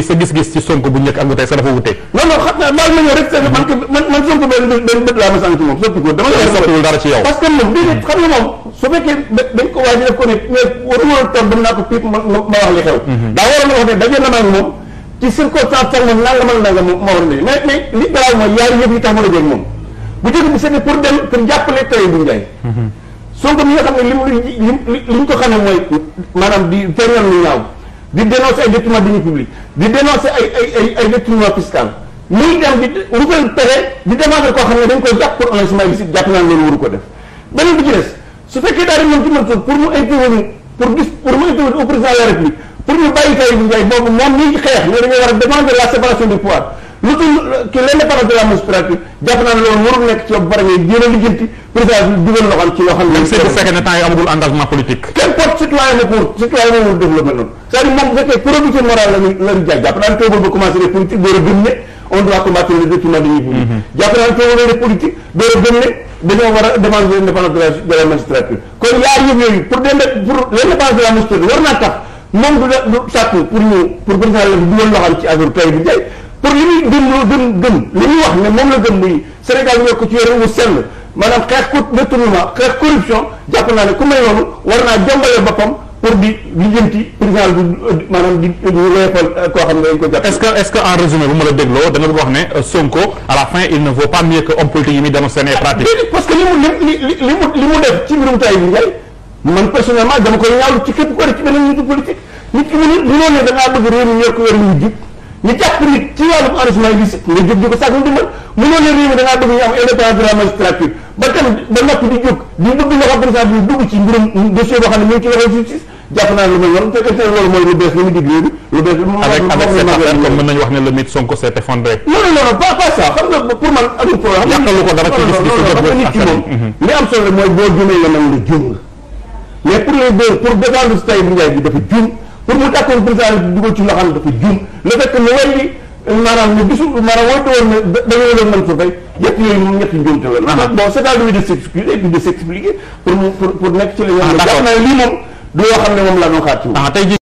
gis sa gis-gis ci Sonko bu njëkk ak bu tey sa dafa wute. non non xam naa baal ma ñëw rek man man man Sonko benn benn bët laa ma sant moom soppi ko dama la soppiwul dara ci yow parce que moom déedéet hmm. xam nga moom su fekkee dañ ko waaj def ko ne mais waruma woon toog dem naa ko fii ma wax li xew hmm. daa waroon wax ne daje na maag moom ci circonstance sax moom nanga ma nanga ma war na mais mais li garaaw mooy yaari yëpp yi tax ma la jóg moom bu jóg bi c'était pour dem pour jàppale tey bu njaay hmm. Sonko mi nga xam ne li mu li ñu ko xam ne mooy maanaam di feeñal lu ñaaw di dénoncer ay détournement deniers publics di dénoncer ay ay ay ay fiscal muy dem di wutal pexe di défendre koo xam ne dañ koy jàpp pour enrichissement illicite jàpp naa loolu waru ko def beneen bi ci des su fekkee daal di moom ci mën pour mu intervenir pour gis pour mu intervenir au président la république pour ñu bàyyi kay bu jaay boobu moom ñuy xeex ne dañoo war demander la séparation des pouvoirs lu ci l'indépendance de la magistrature jàpp loolu warul nekk ci yow ngay jéem a lijjanti président bi dugal loxoom ci loo xam ne. même si bu fekkee moom bu fekkee production morale lañu lañu jaay jàpp naa ba commencé ne politique door a ne on doit combattre le détournement de deniers publics. Mm-hmm. jàpp naa ne toogal ne politique door a gëm ne dañoo war a demander de la magistrature kon yaar yooyu pour dende pour de la magistrature war naa tax la dugal loxoom ci pour li muy gëm li muy wax ne moom la gëm muy Sénégal bi ko ci yore wu sell maanaam xeex ko détournement corruption jàpp naa ne ku mel noonu war naa jombale boppam pour bi maanaam di leefal euh, koo ko jàpp. est-ce que en résumé bu ma la dégloo da nga wax ne euh, Sonko à la fin il ne vaut pas mieux que homme politique yi muy dem seen pratique. parce que li mu li mu def ci mbirum tay bi ngay man personnellement dama koy ñaawlu ci képp ci beneen nit politique nit ki mu ne bu noonu da ñu jàpp nit ci wàllum enrichissement illicite nga jóg di ko sàkk ndimbal mënoo ne réew mi da ngaa ñu am indépendance de magistrature ba tam ba noppi di jóg di dugg ci mbirum mu ngi ci loxo justice jàpp naa lu pour man amul problème bi dafa juum pour mu tàkkoon président dugal ci loo xam ne dafa juum le fait que mu weddi maanaam ñu gisul maanaam woote woon ne dañoo doon mën su fay yëpp yooyu moom ñetti njuumte la maanaam bon c'est à lui de s'excuser et puis de s'expliquer pour pour pour nekk ci la yoon. ah d'accord jàpp naa ne